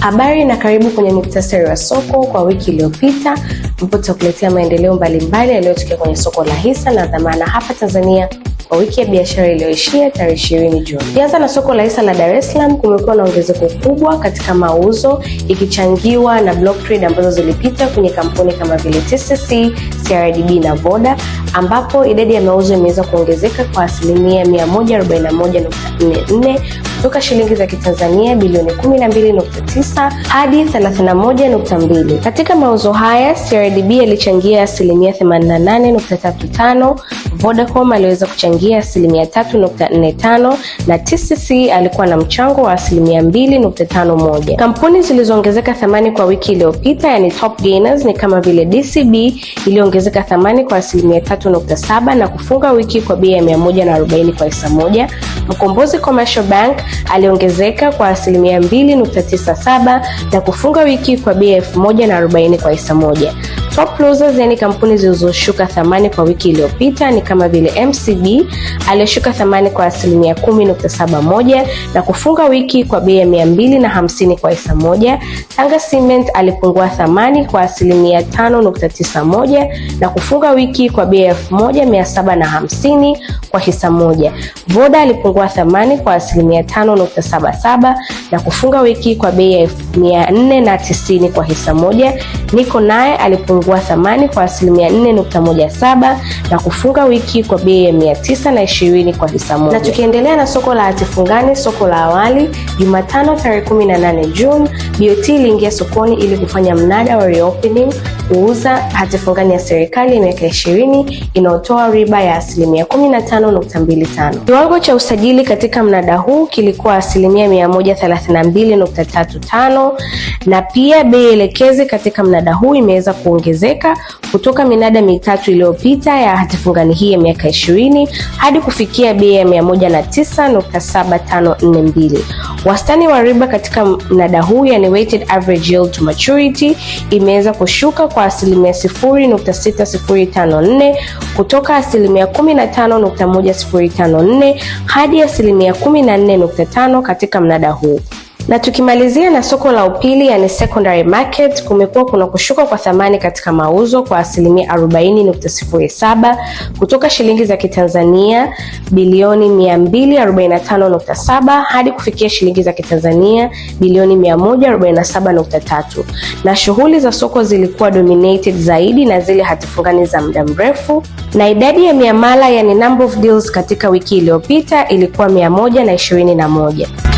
Habari na karibu kwenye muktasari wa soko kwa wiki iliyopita, ambapo kuletea maendeleo mbalimbali yaliyotokea kwenye soko la hisa na dhamana hapa Tanzania kwa wiki ya biashara iliyoishia tarehe ishirini Juni. Ukianza na soko la hisa la Dar es Salaam, kumekuwa na ongezeko kubwa katika mauzo ikichangiwa na block trade ambazo zilipita kwenye kampuni kama vile TCC, CRDB na Voda, ambapo idadi ya mauzo imeweza kuongezeka kwa asilimia 141.44 kutoka shilingi za Kitanzania bilioni 12.9 hadi 31.2. Katika mauzo haya CRDB yalichangia asilimia 88.35 Vodacom aliweza kuchangia asilimia 3.45 na TCC alikuwa na mchango wa asilimia 2.51. Kampuni zilizoongezeka thamani kwa wiki iliyopita, yani top gainers, ni kama vile DCB iliyoongezeka thamani kwa asilimia 3.7 na kufunga wiki kwa bei ya 140 kwa hisa moja. Mkombozi Commercial Bank aliongezeka kwa asilimia 2.97 na kufunga wiki kwa bei ya 1040 kwa hisa moja. Top losers, yani kampuni zilizoshuka thamani kwa wiki iliyopita ni kama vile MCB aliyoshuka thamani kwa asilimia 10.71 na kufunga wiki kwa bei ya 250 kwa hisa moja. Tanga Cement alipungua thamani kwa asilimia 5.91 na kufunga wiki kwa bei ya 1750 kwa hisa moja. Voda alipungua thamani kwa asilimia 5.77 na kufunga wiki kwa bei ya 490 kwa hisa moja. Niko naye alipungua kupungua thamani kwa asilimia 4.17 na kufunga wiki kwa bei ya 920 kwa hisa moja. Na tukiendelea na soko la hatifungani, soko la awali, Jumatano tarehe 18 Juni, BOT iliingia sokoni ili kufanya mnada wa reopening kuuza hatifungani ya serikali ya miaka 20 inayotoa riba ya asilimia 15.25. Kiwango cha usajili katika mnada huu kilikuwa asilimia 132.35 na pia bei elekezi katika mnada huu imeweza kuongezeka kuongezeka kutoka minada mitatu iliyopita ya hatifungani hii ya miaka 20 hadi kufikia bei ya 109.7542. Wastani wa riba katika mnada huu yani weighted average yield to maturity imeweza kushuka kwa asilimia 0.6054 kutoka asilimia 15.1054 hadi asilimia 14.5 katika mnada huu. Na tukimalizia na soko la upili, yani secondary market, kumekuwa kuna kushuka kwa thamani katika mauzo kwa asilimia 40.07 kutoka shilingi za Kitanzania bilioni 245.7 hadi kufikia shilingi za Kitanzania bilioni 147.3, na shughuli za soko zilikuwa dominated zaidi na zile hatifungani za muda mrefu, na idadi ya miamala yani number of deals katika wiki iliyopita ilikuwa 121.